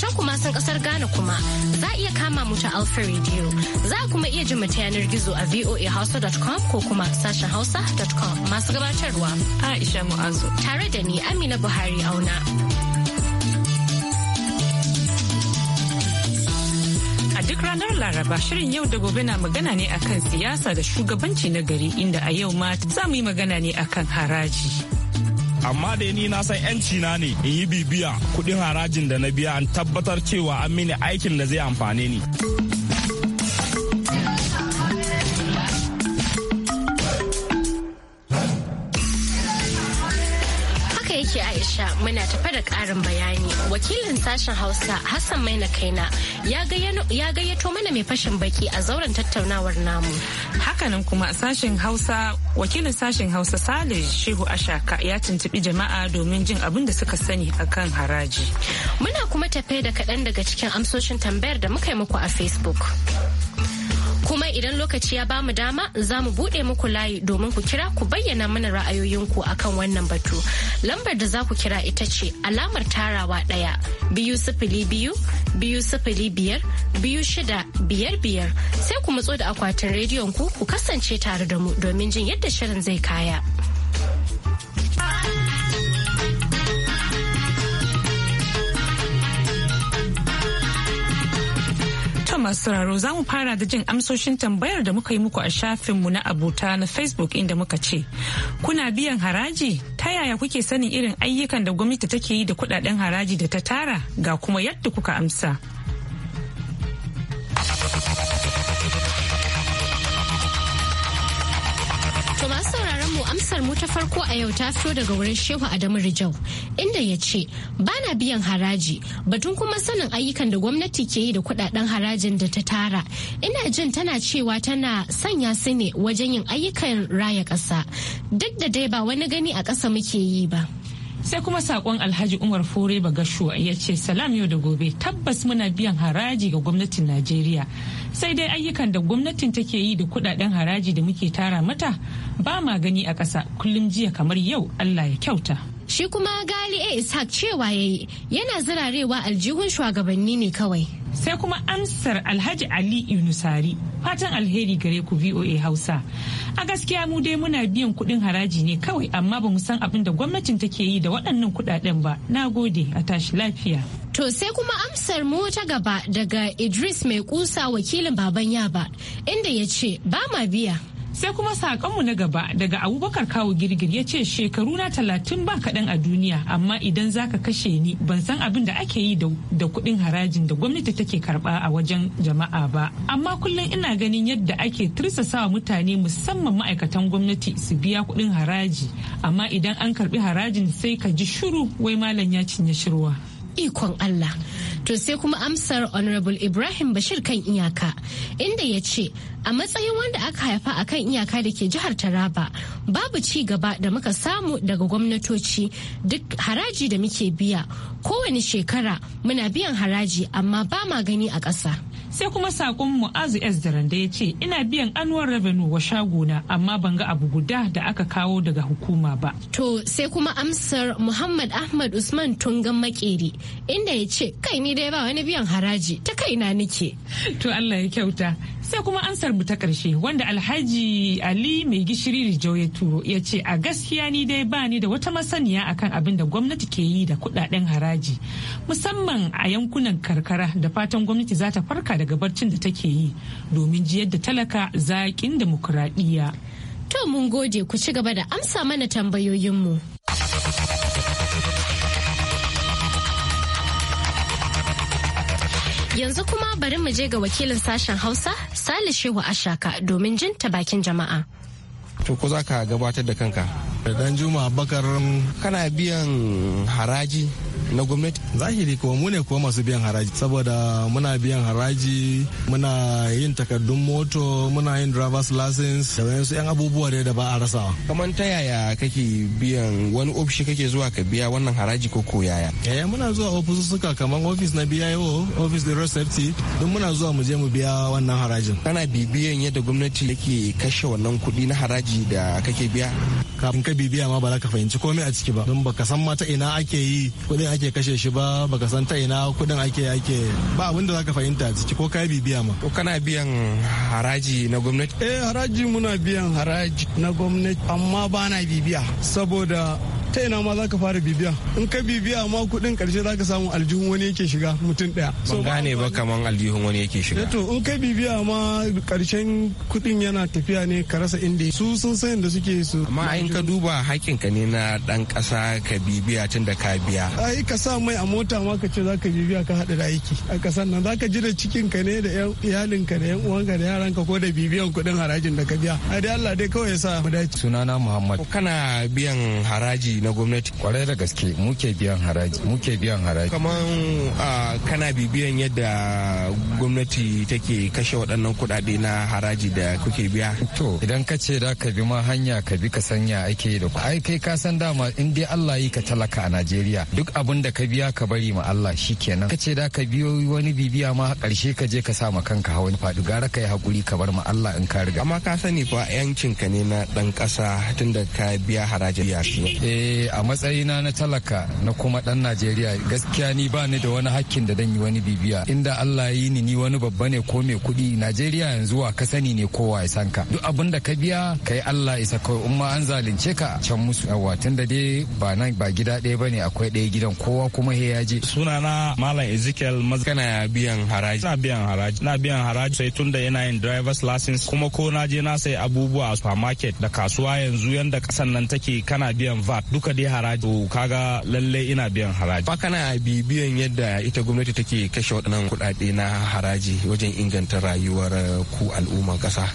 can kuma sun kasar Ghana kuma za a iya kama mu ta Alpha Radio. Za a kuma iya jima ta yanar gizo a voahausa.com ko kuma sashen hausa.com masu gabatarwa. Aisha Mu'azu. Tare da ni Amina Buhari auna. duk ranar laraba shirin yau da gobe na magana ne akan siyasa da shugabanci na gari inda a yau ma za mu yi magana ne akan haraji. amma da ni na san yanci na ne in yi bibiya kuɗin harajin da na biya an tabbatar cewa an mini aikin da zai amfane ni. muna tafa da karin bayani. Wakilin sashen Hausa Hassan Maina Kaina ya gayyato mana mai fashin baki a zauren tattaunawar namu. Hakanan kuma sashen Hausa wakilin sashen Hausa Salih Shehu Ashaka ya tuntubi jama'a domin jin abin da suka sani akan haraji. Muna kuma tafe da kaɗan daga cikin amsoshin tambayar da muka yi muku a Facebook. idan lokaci ya bamu dama za mu buɗe muku layi domin ku kira ku bayyana mana ra'ayoyinku akan wannan batu. Lambar da za ku kira ita ce alamar tarawa ɗaya biyu sifili biyu biyu sifili biyar biyu shida biyar biyar sai ku matso da akwatin rediyon ku ku kasance tare da mu domin jin yadda shirin zai kaya. masu sauraro za mu fara da jin amsoshin tambayar da muka yi muku a shafinmu na abota na Facebook inda muka ce, kuna biyan haraji? Ta yaya kuke sanin irin ayyukan da gwamnati take yi da kudaden haraji da ta tara ga kuma yadda kuka amsa. amsar mu ta farko a yau ta fito daga wurin Shehu Adamu Rijau inda ya ce ba na biyan haraji batun kuma sanin ayyukan da gwamnati ke yi da kudaden harajin da ta tara. Ina jin tana cewa tana sanya su ne wajen yin ayyukan raya ƙasa duk da dai ba wani gani a ƙasa muke yi ba. sai kuma sakon alhaji umar fure bagashuwa ya ce salam yau da gobe tabbas muna biyan haraji ga gwamnatin najeriya sai dai ayyukan da gwamnatin take yi da kudaden haraji da muke tara mata ba ma gani a ƙasa kullum jiya kamar yau allah ya kyauta Shi kuma Gali A Ishaq cewa yi yana zirarewa aljihun shugabanni ne kawai. Sai kuma amsar Alhaji Ali Yunusari fatan alheri gare ku VOA Hausa. A gaskiya mu dai muna biyan kuɗin haraji ne kawai amma ba san abin da gwamnatin take yi da waɗannan kuɗaɗen ba. Na gode a tashi lafiya. To sai kuma amsar mu ta gaba daga Idris mai kusa wakilin baban yaba inda ya ce ba ma biya. sai kuma sakonmu na gaba daga abubakar kawo girgir ya ce shekaru na talatin ba kaɗan a duniya amma idan za ka kashe ni ban san abin da ake yi da kuɗin harajin da gwamnati take karɓa a wajen jama'a ba amma kullum ina ganin yadda ake tirsasawa mutane musamman ma'aikatan gwamnati su biya kuɗin haraji amma idan an karɓi harajin sai ka ji shiru wai malam ya cinye shirwa ikon Allah To sai kuma amsar Honorable Ibrahim Bashir kan iyaka inda ya ce a matsayin wanda aka haifa a kan iyaka da ke jihar Taraba babu ci gaba da muka samu daga gwamnatoci duk haraji da muke biya kowane shekara muna biyan haraji amma ba ma gani a ƙasa. sai kuma sakon mu'azu s da ya ce ina biyan annual revenue wa shagona amma ban ga abu guda da aka kawo daga hukuma ba to sai kuma amsar muhammad ahmad usman tungan makeri inda ya ce kai ni dai ba wani biyan haraji ta kaina nike to allah ya kyauta sai kuma amsar mu ta karshe wanda alhaji ali mai gishiri rijau ya turo ya ce a gaskiya ni dai ba ni da wata masaniya akan abin da gwamnati ke yi da kudaden haraji musamman a yankunan karkara da fatan gwamnati za ta farka daga barcin da take yi domin jiyar da talaka zaƙin demokuraɗiyya. To mun gode ku ci gaba da amsa mana tambayoyinmu. Yanzu kuma bari mu je ga wakilin sashen Hausa, sali Shehu Ashaka domin jin ta bakin jama'a. To ko za ka gabatar da kanka? Dan Juma Bakar kana biyan haraji na gwamnati zahiri kuwa mu ne kuwa masu biyan haraji saboda muna biyan haraji muna yin takardun moto muna yin driver's license da wayansu yan abubuwa da ba a rasawa kaman ta yaya kake biyan wani ofishi kake zuwa ka biya wannan haraji ko ko yaya yaya eh, muna zuwa suka kamar office na BIO office the road safety duk muna zuwa mu je mu biya wannan harajin kana bibiyan yadda gwamnati yake kashe wannan kuɗi na haraji da kake biya kafin ka bibiya ma ba za ka fahimci komai a ciki ba don baka san mata ina ake yi kuɗin ake kashe shi ba baka san ta ina kuɗin ake ake ba abin da zaka fahimta ciki ko kai bibiya ma. Ko kana biyan haraji na gwamnati? Eh haraji muna biyan haraji na gwamnati amma ba na bibiya saboda ta ina ma za ka fara bibiya in ka bibiya ma kuɗin karshe za ka samu aljihun wani yake shiga mutum so ban gane ba kaman aljihun wani yake shiga. Eh to in ka bibiya ma karshen kuɗin yana tafiya ne ka rasa inda su sun san da suke su. amma in ka duba ka ne na ɗan ƙasa ka bibiya tun da ka biya. ai ka sa mai a mota ma ka ce za ka zaka biya ka haɗu da aiki a ƙasar nan za ka ji da cikinka ne da iyalinka da yan uwanka da ka ko da bibiyan kuɗin harajin da ka biya a dai Allah dai kawai ya sa mu dace sunana Muhammad kana biyan haraji na gwamnati kwarai da gaske muke biyan haraji muke biyan haraji kaman kana bibiyan yadda gwamnati take kashe waɗannan kuɗaɗe na haraji da kuke biya to idan ka ce da ka bi ma hanya ka bi ka sanya ake da ai kai ka san dama in dai Allah yi ka talaka a Najeriya duk abin wanda ka biya ka bari ma Allah shikenan ka ce da ka biyo wani bibiya ma karshe ka je ka sa ma kanka hawan faɗi gara ka yi hakuri ka bar ma Allah in ka riga amma ka sani fa yancin ka ne na dan kasa tunda ka biya harajin ya shi eh a matsayina na talaka na kuma dan Najeriya gaskiya ni ba ni da wani hakkin da dan yi wani bibiya inda Allah ya yi ni ni wani babba ne ko mai kudi. Najeriya yanzu wa ka sani ne kowa ya san ka duk abin da ka biya kai Allah isa in umma an zalunce ka can musu yawa tunda dai ba nan ba gida ɗaya bane akwai ɗaya gidan ko kowa kuma ya je sunana malam ezekiel maz kana biyan haraji na biyan haraji na biyan haraji sai tunda yana yin driver's license kuma ko na je na sai abubuwa a supermarket da kasuwa yanzu yanda kasan nan take kana biyan vat duka dai haraji to kaga lallai ina biyan haraji fa kana bibiyan yadda ita gwamnati take kashe waɗannan kuɗaɗe na haraji wajen inganta rayuwar ku al'umma ƙasa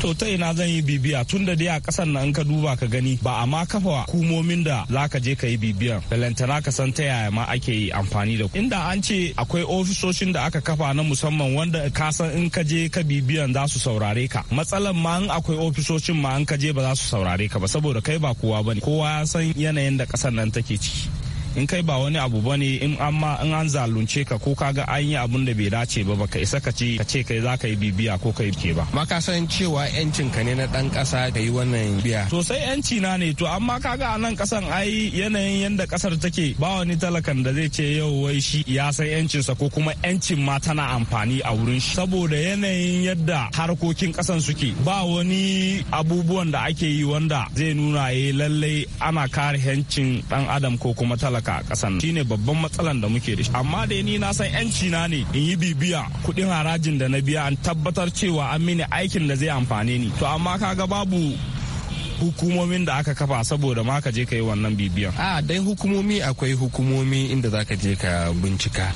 to ta ina zan yi bibiya tun da dai a kasan na in ka duba ka gani ba a ma kafa hukumomin da za ka je ka yi bibiyan lantana ka san ta yaya ma ake yi amfani da inda an ce akwai ofisoshin da aka kafa na musamman wanda ka san in ka je ka bibiyan za su saurare ka matsalan ma in akwai ofisoshin ma in ka je ba za su saurare ka ba saboda kai ba kowa ne kowa ya san yanayin da kasan nan take ciki in kai ba wani abu bane in an ma in an zalunce ka ko kaga an yi abun da bai dace ba baka isa ka ce ka ce kai za ka yi bibiya ko kai ke ba ma ka san cewa yancin ka ne na dan kasa ka yi wannan biya sosai yanci na ne to amma kaga a nan kasan ai yanayin yanda kasar take ba wani talakan da zai ce yau wai shi ya san sa ko kuma yancin ma tana amfani a wurin shi saboda yanayin yadda harkokin kasan suke ba wani abubuwan da ake yi wanda zai nuna ya eh, lallai ana kare yancin dan adam ko kuma talaka mallaka a kasan shine babban matsalan da muke da shi amma da ni na san yanci na ne in yi bibiya kuɗin harajin da na biya an tabbatar cewa an mini aikin da zai amfane ni to amma kaga babu hukumomin da aka kafa saboda ma ka je ka yi wannan bibiyan a dai hukumomi akwai hukumomi inda za ka je ka bincika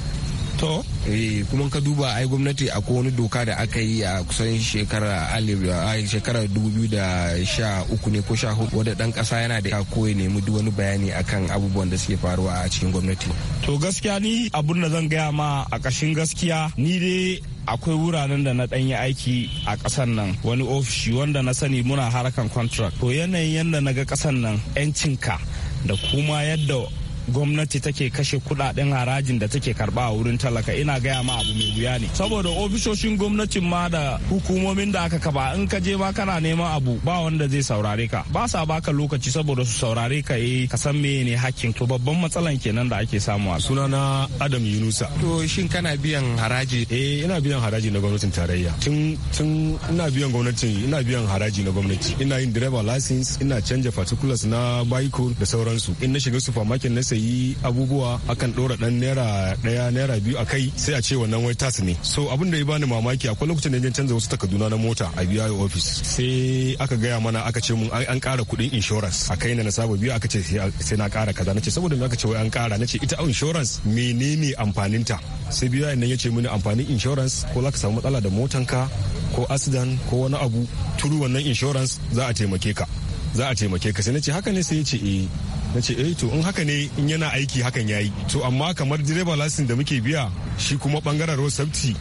to eh kuma ka duba ai gwamnati akwai wani doka da aka yi a kusan shekara alif shekara 2013 ne ko 14 wanda dan kasa yana da koyi nemi duk wani bayani akan abubuwan da suke faruwa a cikin gwamnati to gaskiya ni abun da zan gaya ma a kashin gaskiya ni dai akwai wuraren da na ɗan aiki a ƙasar nan wani ofishi wanda na sani muna harakan contract to yanayin yadda na ga ƙasar nan 'yancinka da kuma yadda gwamnati take kashe kudaden harajin da take karba a wurin talaka ina gaya ma abu mai wuya ne saboda ofisoshin gwamnatin ma da hukumomin da aka kaba in ka je ma kana neman abu ba wanda zai saurare ka ba sa baka lokaci saboda su saurare ka yi eh, ka san me ne hakkin to babban matsalan kenan da ake samu a sunana Adam Yunusa to shin kana biyan haraji eh ina biyan haraji na gwamnatin tarayya tun tun ina biyan gwamnatin ina biyan haraji na gwamnati ina yin driver license ina canja particulars na bicycle da sauransu in na shiga supermarket na sayi abubuwa akan dora dan naira ɗaya naira biyu a sai a ce wannan wai ne so abin da ya bani mamaki akwai lokacin da canza wasu takarduna na mota a biya ofis sai aka gaya mana aka ce mun an kara kuɗin insurance a kai na na saba biyu aka ce sai na kara kaza na ce saboda me aka ce wai an kara na ce ita insurance menene amfaninta sai biyu nan ya ce mini amfanin insurance ko za ka samu matsala da motanka ko asidan ko wani abu turu wannan insurance za a taimake ka za a taimake ka sai na ce haka ne sai ya ce eh na ce eh to in haka ne in yana aiki hakan yayi to amma kamar direba lasin da muke biya shi kuma bangaren road safety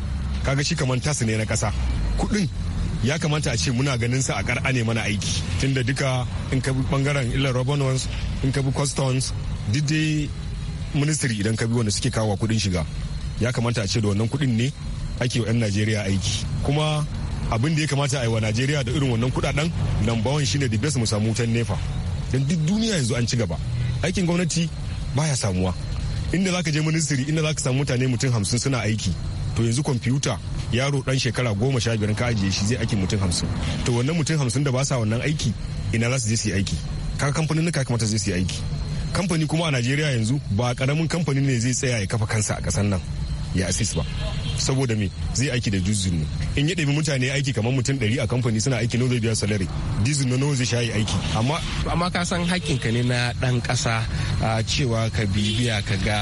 kaga shi kamar tasu ne na kasa kudin ya kamata a ce muna ganin sa a kar'a ne mana aiki tunda duka in ka bi bangaren illar revenues in ka bi customs dai ministry idan ka bi wanda suke kawo kudin shiga ya kamata a ce da wannan kudin ne ake wa 'yan najeriya aiki kuma abin da ya kamata a yi wa najeriya da irin wannan kudaden nan bawan shine the best mu samu wutan nefa don duk duniya yanzu an ci gaba aikin gwamnati baya samuwa inda zaka je ministry inda zaka samu mutane mutum hamsin suna aiki to yanzu kwamfuta yaro dan shekara goma sha biyar ka ajiye shi zai aikin mutum hamsin to wannan mutum hamsin da ba sa wannan aiki ina za su je su yi aiki ka kamfanin ka kamata zai su yi aiki kamfani kuma a najeriya yanzu ba karamin kamfani ne zai tsaya ya kafa kansa a kasan nan ya assist ba saboda me zai aiki da dizin ne in ya ɗabi mutane aiki kamar mutum ɗari a kamfani suna aiki nawa zai biya salari dizin na nawa zai shayi aiki amma amma ka san ka ne na ɗan ƙasa cewa ka bibiya ka ga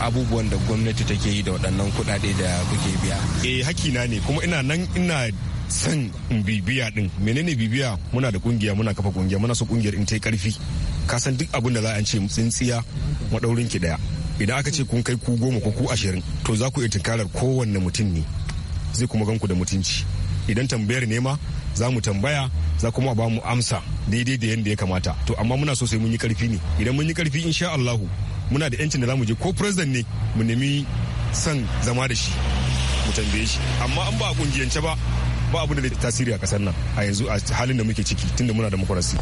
abubuwan da gwamnati take yi da waɗannan kuɗaɗe da kuke biya eh hakina ne kuma ina nan ina san bibiya din menene bibiya muna da kungiya muna kafa kungiya muna so kungiyar in ta yi karfi ka san duk abin da za a ce tsintsiya madaurin ki daya idan aka ce kun kai ku goma ko ku ashirin to za ku iya tunkarar kowanne mutum ne zai kuma gan ku da mutunci idan tambayar nema za mu tambaya za kuma ba mu amsa daidai da yadda ya kamata to amma muna so sai mun yi karfi ne idan mun yi karfi insha Allahu muna da yancin da za mu je ko president ne mu nemi son zama da shi mu tambaye shi amma an ba a kungiyance ba ba abu da zai tasiri a kasar nan a yanzu a halin da muke ciki tunda muna da makwarasi.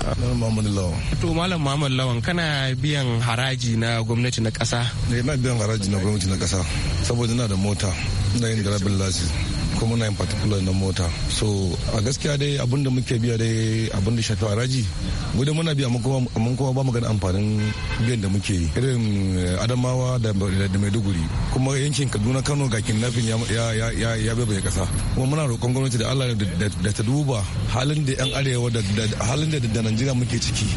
to malam Muhammad Lawan kana biyan haraji na gwamnati na kasa ne eh, ina biyan haraji na gwamnati na kasa saboda ina da mota ina yin garabin lasis kuma muna yin particular na mota so a gaskiya dai abin da muke biya dai abin da shafi haraji mu da muna biya mun kuma ba mu gani amfanin biyan da muke yi irin eh, adamawa da maiduguri kuma yankin kaduna kano ga kidnapping ya bai bai kasa kuma muna roƙon gwamnati da allah da ta duba halin da yan arewa da halin da da najeriya muke ciki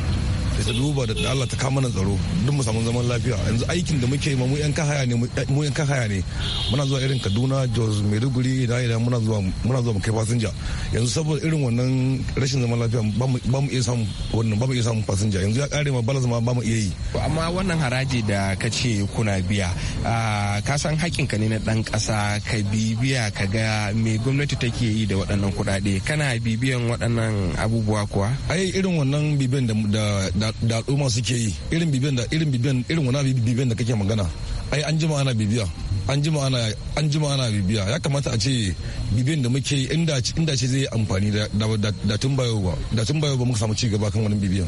da ta duba da Allah ta kama tsaro duk mu samu zaman lafiya yanzu aikin da muke ma mu yan kahaya ne mu yan kahaya ne muna zuwa irin Kaduna Jos Maiduguri da ina muna zuwa muna zuwa mu kai fasinja yanzu saboda irin wannan rashin zaman lafiya ba mu iya samu wannan ba mu iya samu fasinja yanzu ya kare ma balas ma ba mu iya yi amma wannan haraji da ka ce kuna biya ka san ka ne na dan kasa ka bibiya ka ga me gwamnati take yi da waɗannan kuɗaɗe kana bibiyan waɗannan abubuwa kuwa ai irin wannan bibiyan da da al'umma suke yi irin bibiyan da irin bibiyan irin wani bibiyan da kake magana ai an jima ana bibiya an jima ana an jima ana bibiya ya kamata a ce bibiyan da muke yi inda inda ce zai amfani da da tun bayo ba da tun bayo ba muka samu ci gaba kan wani bibiyan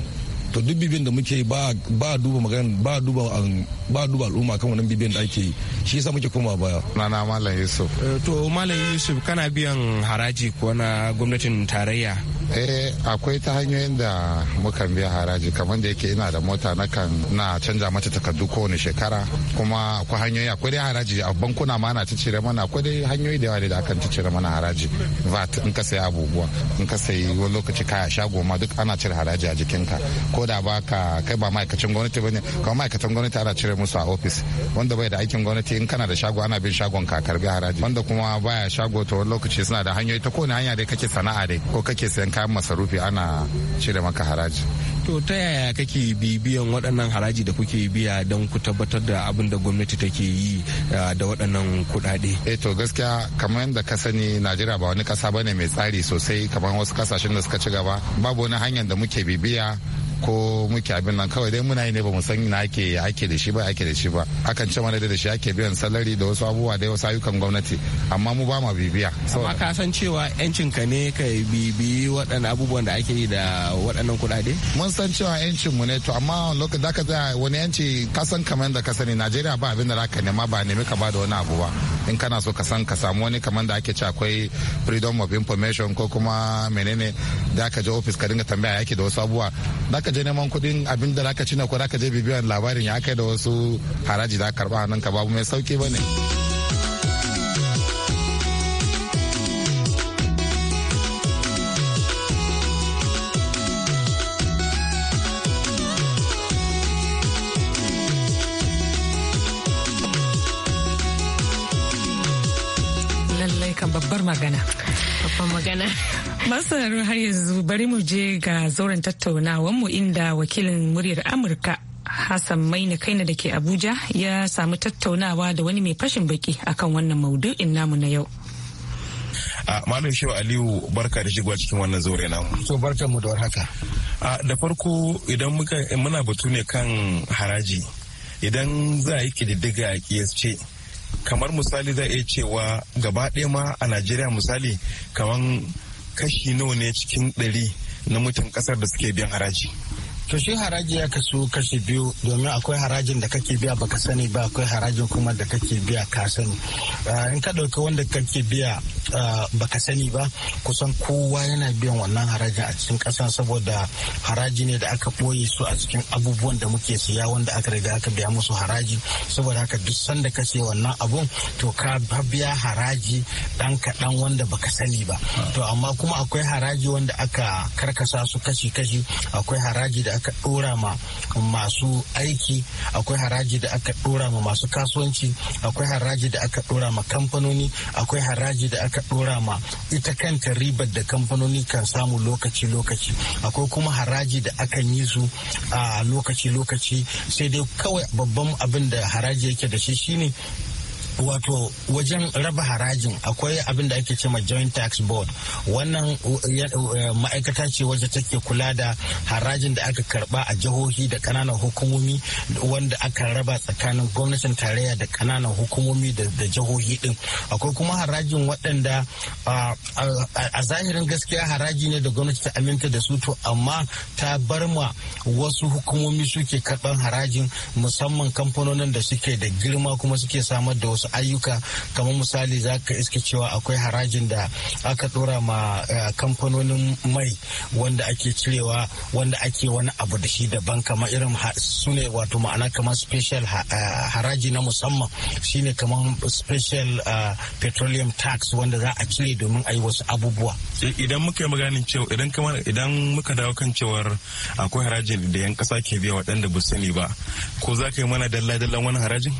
to duk bibiyan da muke ba ba duba magana ba duba um, ba duba al'umma kan wannan bibiyan da ake yi shi yasa muke koma baya nana malam yusuf eh, to malam yusuf kana biyan haraji ko na gwamnatin tarayya eh akwai ta hanyoyin da mukan biya haraji kamar da yake ina da mota na kan na canja mata takardu kowane shekara kuma akwai hanyoyi akwai dai haraji a bankuna ma na cicire mana akwai dai hanyoyi da yawa da akan cicire mana haraji vat in ka sayi abubuwa in ka sayi wani lokaci kaya shago ma duk ana cire haraji a jikinka ko da ba ka kai ba ma'aikacin gwamnati bane kamar ma'aikatan gwamnati ana cire musu a ofis wanda bai da aikin gwamnati in kana da shago ana bin shagon ka karbi haraji wanda kuma baya shago to wani lokaci suna da hanyoyi ta kowane hanya dai kake sana'a dai ko kake sayan kayan masarufi ana cire maka haraji to ta yaya kake bibiyan waɗannan haraji da kuke biya don ku tabbatar da abin da gwamnati take yi da waɗannan kuɗaɗe eh to gaskiya kamar yadda ka sani najeriya ba wani ƙasa bane mai tsari sosai kamar wasu ƙasashen da suka ci gaba babu wani hanyar da muke bibiya ko muke abin nan kawai dai muna yi ne ba mu san ina ake ake da shi ba ake da shi ba akan ce mana da shi ake biyan salari da wasu abubuwa da wasu ayyukan gwamnati amma mu ba ma bibiya amma ka san cewa yancin ka ne ka bibi waɗannan abubuwan da ake yi da waɗannan kuɗaɗe mun san cewa yancin mu ne to amma lokacin da ka ga wani yanci ka san kamar da ka sani Najeriya ba abin da za ka nema ba nemi ka ba da wani abu ba in kana so ka san ka samu wani kamar da ake ce akwai freedom of information ko kuma menene da ka je office ka dinga tambaya yake da wasu abubuwa zaka je neman kuɗin abin da zaka ci na ko zaka je bibiyan labarin ya kai da wasu haraji da ka karba nan ka babu mai sauki ba ne. babbar magana. Babbar magana. Masarar har yanzu bari mu je ga zauren tattaunawar mu inda wakilin muryar Amurka Hassan Maina Kaina da ke Abuja ya samu tattaunawa da wani mai fashin baki akan wannan maudu'in namu na yau. Malam Shehu Aliyu barka da shigowa cikin wannan zore namu. So barka mu da warhaka. Uh, da farko idan muka muna batu ne kan haraji idan za a yi kididdiga a kiyasce kamar misali zai iya cewa gaba ɗaya ma a najeriya misali kamar kashi nawa ne cikin ɗari na mutan ƙasar da suke biyan haraji To shi haraji ya kasu kashi biyu domin akwai harajin da kake biya baka sani ba akwai harajin kuma da kake biya ka sani. Ah, in ka ɗauki wanda kake biya ah, baka sani ba kusan kowa yana biyan wannan harajin a cikin ƙasa saboda haraji ne da aka ɓoye su a cikin abubuwan da muke siya wanda aka riga aka biya musu haraji saboda haka duk sanda ka siya wannan abun to ka biya haraji ɗan kaɗan wanda baka sani ba. To amma kuma akwai haraji wanda aka karkasa su kashi-kashi akwai haraji da aka dora ma masu aiki akwai haraji da aka dora ma masu kasuwanci akwai haraji da aka dora ma kamfanoni akwai haraji da aka dora ma ita kanta ribar da kamfanoni kan samu lokaci-lokaci akwai kuma haraji da akan yi su a lokaci-lokaci sai dai kawai babban abin da haraji yake da shi shine wato wajen raba harajin akwai abin da ake ce ma joint tax board wannan uh, uh, ma'aikata ce wajen take kula da harajin da aka karba a jihohi da kananan hukumomi wanda aka raba tsakanin gwamnatin tarayya da kananan hukumomi da jihohi din akwai kuma harajin waɗanda uh, a zahirin gaskiya haraji ne da gwamnati ta aminta da su to amma ta bar ma wasu hukumomi suke karban harajin musamman kamfanonin da suke da girma kuma suke samar da wasu wasu ayyuka kamar misali za ka iske cewa akwai harajin da aka dora ma eh, kamfanonin mai wanda ake cirewa wanda ake wani abu da shi daban kamar irin su ne wato ma'ana kamar special eh, haraji na musamman shine kamar special eh, petroleum tax wanda za a cire domin a yi wasu abubuwa idan muka yi maganin cewa idan kamar idan muka dawo kan cewar akwai harajin da yan kasa ke biya waɗanda ba sani ba ko za ka yi mana dalla-dallan wani harajin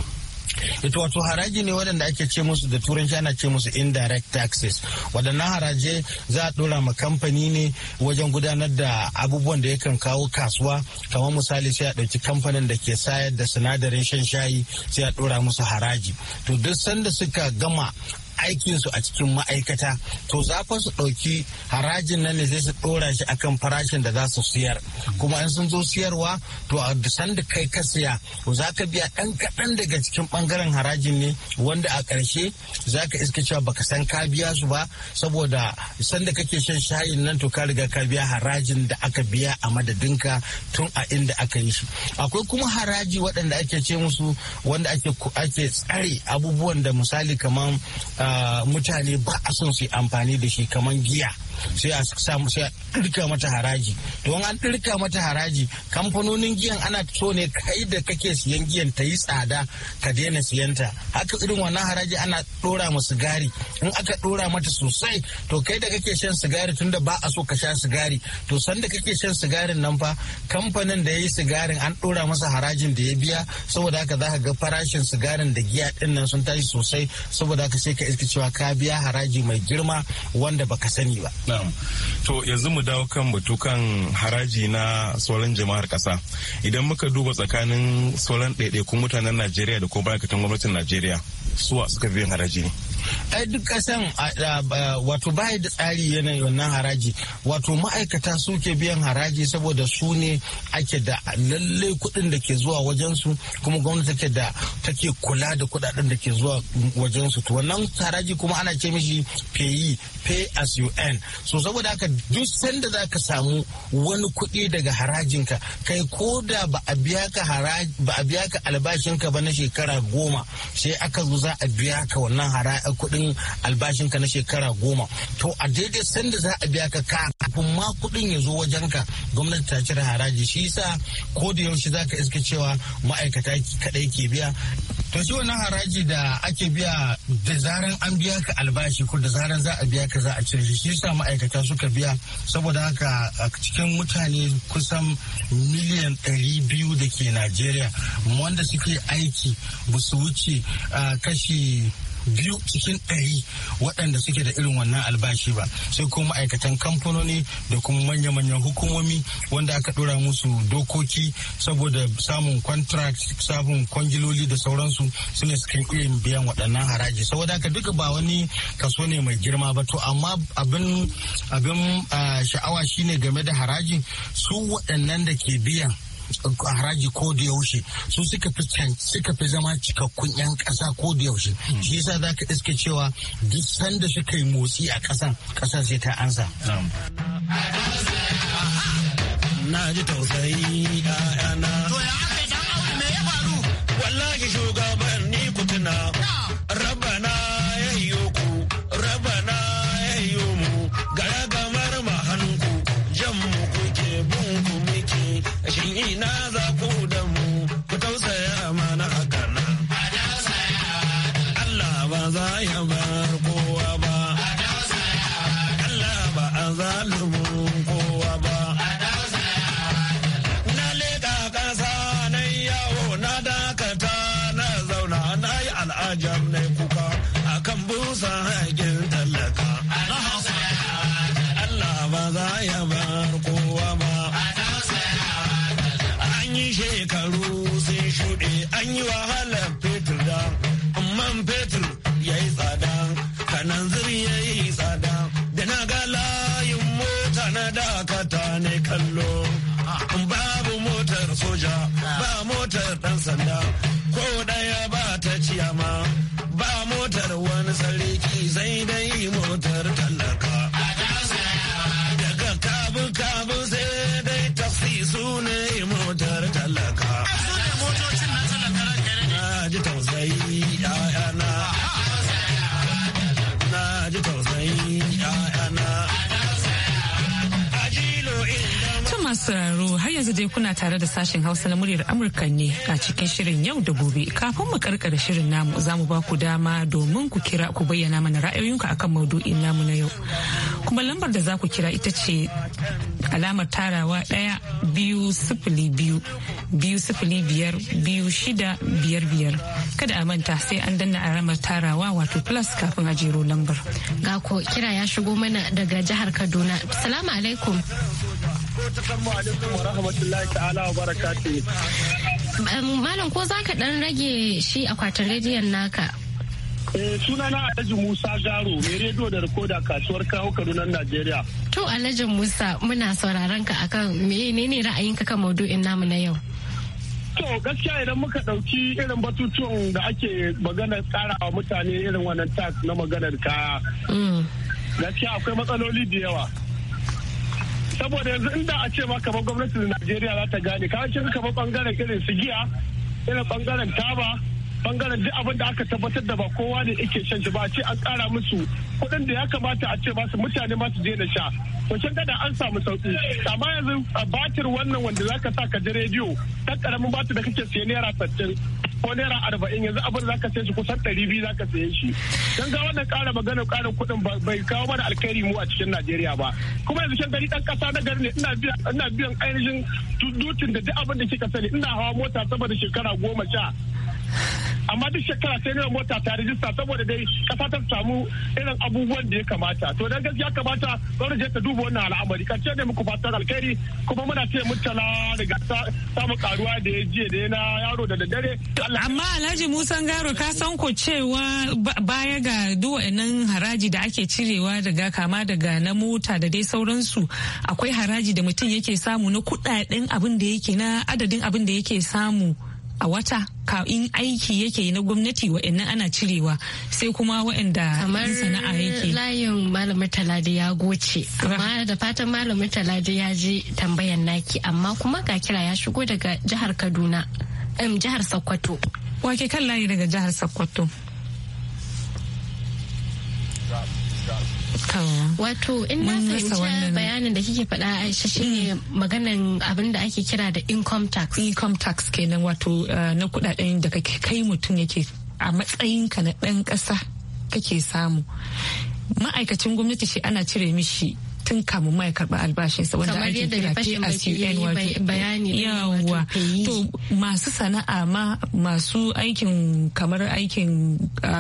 ita wato haraji ne waɗanda ake ce musu da turanci ana ce musu indirect taxes waɗannan haraje za a ɗora ma kamfani ne wajen gudanar da abubuwan da yakan kawo kasuwa kamar misali sai a ɗauki kamfanin da ke sayar da sinadarin shan shayi sai a ɗora musu haraji to duk sanda suka gama aikinsu a cikin ma'aikata to zafa su ɗauki harajin nan ne zai su ɗora shi akan farashin da za su siyar kuma in sun zo siyarwa to a dusan da kai ka siya za ka biya ɗan kaɗan daga cikin ɓangaren harajin ne wanda a ƙarshe za ka iska cewa baka san ka biya su ba saboda san da kake shan shayin nan to ka riga ka biya harajin da aka biya a madadinka tun a inda aka yi shi akwai kuma haraji waɗanda ake ce musu wanda ake tsare abubuwan da misali kamar mutane ba a son su amfani da shi kamar giya sai a samu sai a ɗirka mata haraji don an ɗirka mata haraji kamfanonin giyan ana so ne kai da kake siyan giyan ta yi tsada ka daina siyanta haka irin wannan haraji ana ɗora ma sigari in aka ɗora mata sosai to kai da kake shan sigari tunda ba a so ka sha sigari to sanda kake shan sigarin nan fa kamfanin da ya yi sigarin an ɗora masa harajin da ya biya saboda haka za ka ga farashin sigarin da giya ɗin nan sun tashi sosai saboda haka sai ka iska cewa ka biya haraji mai girma wanda baka sani ba. Na'am. To yanzu mu dawo kan mutukan haraji na sauran jama'ar kasa. Idan muka duba tsakanin sauran ɗaiɗaikun mutanen Najeriya da kuma ma'aikatan gwamnatin Najeriya, suwa suka fi biyan haraji ne? ai duk kasan wato baya da tsari yanayi wannan haraji wato ma'aikata suke biyan haraji saboda su ne ake da lallai kuɗin da ke zuwa wajensu kuma gwamnati take da take kula da kuɗaɗen da ke zuwa wajensu to wannan haraji kuma ana ce mishi pay pay as you earn so saboda haka duk sanda za ka samu wani kuɗi daga ka kai ko da ba a biya ka haraji ba a biya ka albashinka ba na shekara goma sai aka zo za a biya ka wannan haraji kuɗin albashin ka na shekara goma to a daidai sanda za a biya ka kafin ma kuɗin ya zo wajen ka gwamnati ta cire haraji shi yasa ko da yaushe za ka iska cewa ma'aikata kaɗai ke biya to shi wannan haraji da ake biya da zaran an biya ka albashi ko da zaran za a biya ka za a cire shi shi yasa ma'aikata suka biya saboda haka cikin mutane kusan miliyan ɗari biyu da ke najeriya wanda suke aiki ba su wuce kashi biyu cikin ɗari waɗanda suke da irin wannan albashi ba sai kuma ma'aikatan kamfanoni da kuma manya-manyan hukumomi wanda aka ɗora musu dokoki saboda samun contract samun kwangiloli da sauransu su ne iya biyan waɗannan haraji saboda haka duka ba wani kaso ne mai girma ba to amma abin abin ah, sha'awa shine game da haraji su waɗannan da ke biyan haraji ko da yaushe su suka fi suka fi zama cikakkun yan kasa ko da yaushe hmm. shi yasa zaka iske cewa duk sanda suka yi motsi a kasan kasa sai ta ansa na ji tausayi ɗayana to ya aka dan aure me ya faru wallahi shugaban ni kutuna nan zuriya yanzu dai kuna tare da sashen Hausa na muryar Amurka ne a cikin shirin yau da gobe. Kafin mu karkare shirin namu za mu ba ku dama domin ku kira ku bayyana mana ra'ayoyinku akan maudu'in namu na yau. Kuma lambar da za ku kira ita ce alamar tarawa ɗaya biyu sifili biyu biyu sifili biyar biyu shida biyar biyar. Kada a manta sai an danna alamar tarawa wato plus kafin a jero lambar. Ga ko kira ya shigo mana daga jihar Kaduna. Salamu alaikum. Assalamu alaikum wa ta'ala wa Malam ko za ka ɗan rage shi akwatin rediyon naka? Eh, suna na Alhaji Musa Garo mai rediyo da rikoda kasuwar kawo Kaduna Najeriya. To Alhaji Musa muna sauraron ka akan menene ra'ayinka kan maudu'in namu na yau? To gaskiya idan muka ɗauki irin batutuwan da ake magana tsara wa mutane irin wannan tax na maganar kaya. Mm. Gaskiya akwai matsaloli da yawa. saboda yanzu inda a ce ma kamar gwamnatin najeriya za ta gane ka shi kamar bangaren irin su giya irin bangaren taba bangaren duk abin da aka tabbatar da ba kowa ne yake shan shi ba a ce an kara musu kuɗin da ya kamata a ce masu mutane je na sha to kin kada an samu sauki amma yanzu a batir wannan wanda zaka sa ka ji rediyo ta karamin batir da kake siye naira ko naira arba'in yanzu abin da ka sai shi kusan ɗari biyu zaka saye shi don ga wannan ƙara magana ƙarin kuɗin bai kawo mana alkhairi mu a cikin Najeriya ba kuma yanzu shan gari ɗan ƙasa na gari ne ina biyan ainihin dutin da duk abin da kika sani ina hawa mota saboda shekara goma sha amma duk shekara sai nuna mota ta rijista saboda dai kasa ta samu irin abubuwan da ya kamata to dan gaskiya kamata gwamnati ta duba wannan al'amari kan ce ne muku fatan alkhairi kuma muna ce mutala daga samu karuwa da ya jiye da na yaro da daddare amma Alhaji Musa Garo ka san ko cewa baya ga duk waɗannan haraji da ake cirewa daga kama daga na mota da dai sauransu akwai haraji da mutum yake samu na kudaden abin da yake na adadin abin da yake samu a wata ka in aiki yake na gwamnati wa'annan ana cirewa sai kuma wa'anda kamar sana'a yake layin malamin talade ya goce amma da fatan malamin talade ya je tambayan naki amma kuma ga kira ya shigo daga jihar kaduna jihar sokoto wake kan layi daga jihar sokoto wato in na fahimci bayanin da kike faɗa aisha shine mm. maganan abin da ake kira da income tax income tax kenan wato eh, na kudaden da kake kai mutum yake a matsayinka na ɗan ƙasa kake samu ma'aikacin gwamnati shi ana cire mishi tun kamun ma ya karba albashinsa wanda ake kira PSUN yawa to masu sana'a ma masu aikin kamar aikin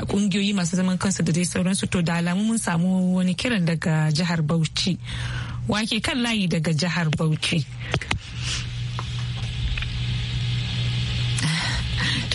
kungiyoyi masu zaman kansu da dai sauransu to da alamu mun samu wani kiran daga jihar Bauchi wake kan layi daga jihar Bauchi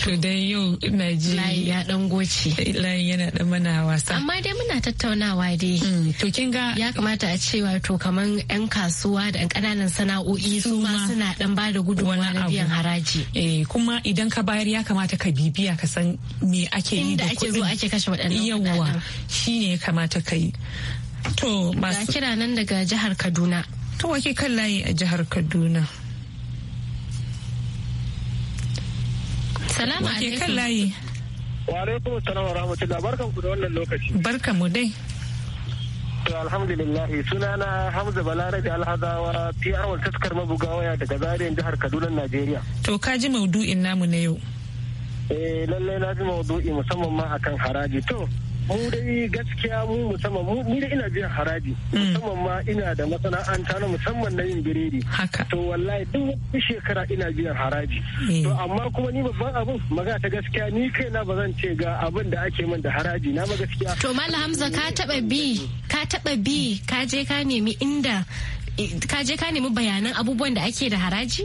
To dan yau ina ji. Layi ya dan goce. Layi yana dan mana wasa. Amma dai muna tattaunawa dai. Mm, to kin ga. Ya kamata a ce wato kamar 'yan kasuwa da 'yan ƙananan sana'o'i su ma suna dan ba da gudunmawa na biyan haraji. Eh kuma idan ka bayar ya kamata ka bibiya ka san me ake yi da kuɗi Inda ake ake kashe waɗannan Yawwa shine ya kamata ka yi. To masu. Ga kira nan daga jihar Kaduna. To wake kan layi a jihar Kaduna. Salamu alaikum. kan layi. Wa alaikum salam wa rahmatullah. Barkan ku da wannan lokaci. Barkan mu dai. To alhamdulillah sunana Hamza Balarabe Alhazawa PR wal taskar mabuga waya daga Zariyan jihar Kaduna Najeriya. To ka ji maudu'in namu na yau. Eh lallai na ji maudu'i musamman ma akan haraji to mu dai gaskiya mu musamman mu ni ina biyan haraji mm. musamman ma ina da masana'anta na musamman na yin biredi to wallahi duk wani shekara ina biyan haraji eh. to amma kuma ni babban abin maza ta gaskiya ni kai na ba zan ce ga abin da ake min da haraji na ba gaskiya to mallam hamza ka taba bi ka taba bi ka je ka nemi inda ka je ka nemi bayanan abubuwan da ake da haraji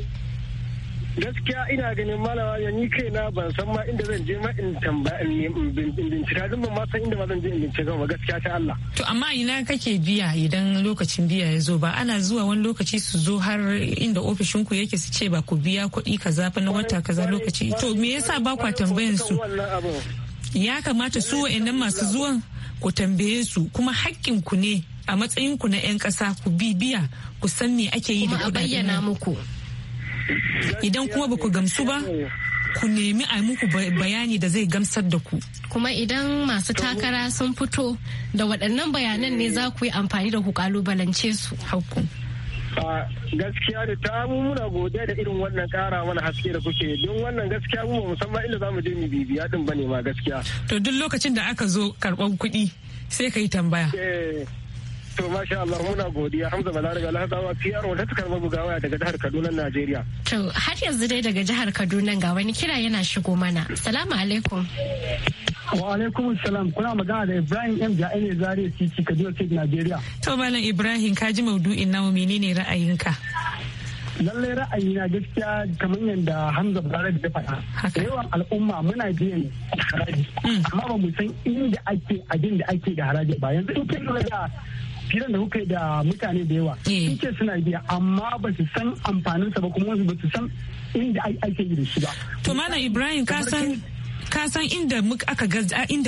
gaskiya ina ganin malama ya ni kai na ban san ma inda zan je ma in tambaya in bincika din ban ma san inda ma zan je in bincika ba gaskiya ta Allah to amma ina kake biya idan lokacin biya ya zo ba ana zuwa wani lokaci su zo har inda ofishin ku yake su ce ba ku biya kuɗi kaza fa na wata kaza lokaci to me yasa ba kwa tambayan su ya kamata su wa'annan masu zuwan ku tambaye su kuma haƙƙin ku ne a matsayin ku na 'yan ƙasa ku bi biya ku san me ake yi da kuɗaɗen muku idan kuma ba ku gamsu ba ku nemi a muku bayani da zai gamsar da ku. Kuma idan masu takara sun fito da waɗannan bayanan ne za ku yi amfani da ku kalubalance su hauku. gaskiya da ta muna godiya da irin wannan kara mana haske da kuke don wannan gaskiya mu musamman inda zamu je mu bibiya din bane ma gaskiya to duk lokacin da aka zo karɓar kuɗi sai ka yi tambaya eh. To masha Allah muna godiya Hamza Balaraga Lahadawa PRO ta karɓar bugawa daga jihar Kaduna Najeriya. To har yanzu dai daga jihar Kaduna ga wani kira yana shigo mana. Salamu alaikum. Wa alaikum salam kuna magana da Ibrahim M Ja'e ne Zaria City Kaduna State Najeriya. To malam Ibrahim ka ji maudu'in namu menene ra'ayinka? lallai na gaskiya kamar yadda Hamza Barak da faɗa. Yawan al'umma muna biyan haraji. Hmm. Amma ba mu san inda ake abin da ake da haraji ba. Yanzu in kai da firan da kuka yi da mutane da yawa eh. suke suna biya amma ba su san amfaninsa ba kuma ba su san inda ake yi da shi ba. to mana ibrahim ka san inda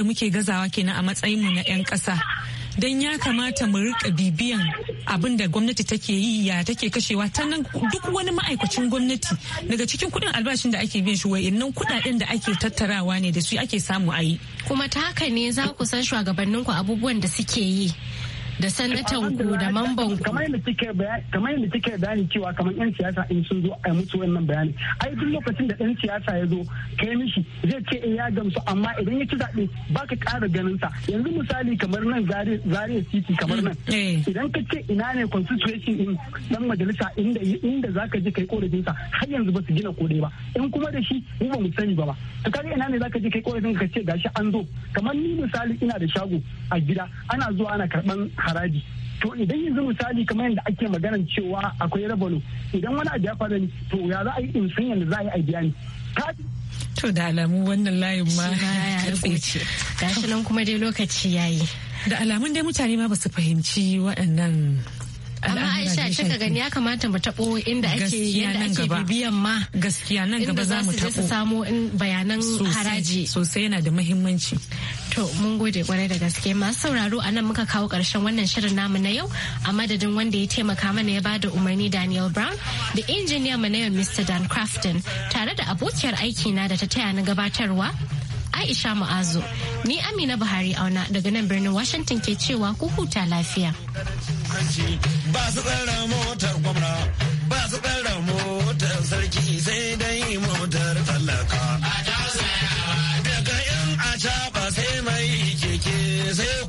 muke gazawa kenan a matsayin mu na yan kasa don ya kamata mu rika bibiyan abin da gwamnati take yi ya take kashewa ta nan duk wani ma'aikacin gwamnati daga cikin kudin albashin da ake bin shi nan kudaden da ake tattarawa ne da su ake samu ayi. kuma ta haka ne za ku san shugabannin ku abubuwan da suke yi da sanatan ku da mamban kamar yadda kike bayani kamar yadda kike cewa kamar yan siyasa in sun zo a mutu wannan bayani ai duk lokacin da dan siyasa ya zo kai mishi zai ce eh, ya gamsu amma idan ya ci zaɓe baka ƙara ganin sa yanzu misali kamar nan zaria city kamar nan mm, eh. idan ka ce ina ne constitution din dan majalisa inda inda zaka je kai korafin sa har yanzu ba su gina ko ba in kuma da shi mu ba mu sani ba ba to kaga ina ne zaka je kai korafin ka ce gashi an zo kamar ni misali ina da shago a gida ana zuwa ana karban haraji to idan yanzu misali kamar yadda ake maganar cewa akwai rabalo idan wani abu ya ne to ya za a yi in san yadda za a yi a ne to da alamu wannan layin ma ya ce. gashi nan kuma dai lokaci yi da alamun dai mutane ma basu fahimci waɗannan amma aisha kika gani ya kamata mu taɓo inda ake yadda ake bibiyan ma gaskiya nan gaba za mu su samu bayanan haraji sosai yana da muhimmanci To mun gode kwarai da gaske masu sauraro a nan muka kawo ƙarshen wannan shirin namu na yau a madadin wanda ya taimaka mana ya bada umarni Daniel Brown da injiniya mu na yau Mr. Dan Crafton tare da abokiyar aiki na da ta taya ni gabatarwa Aisha Mu'azu ni Amina Buhari auna daga nan birnin Washington ke cewa ku huta lafiya. dai motar talaka. zai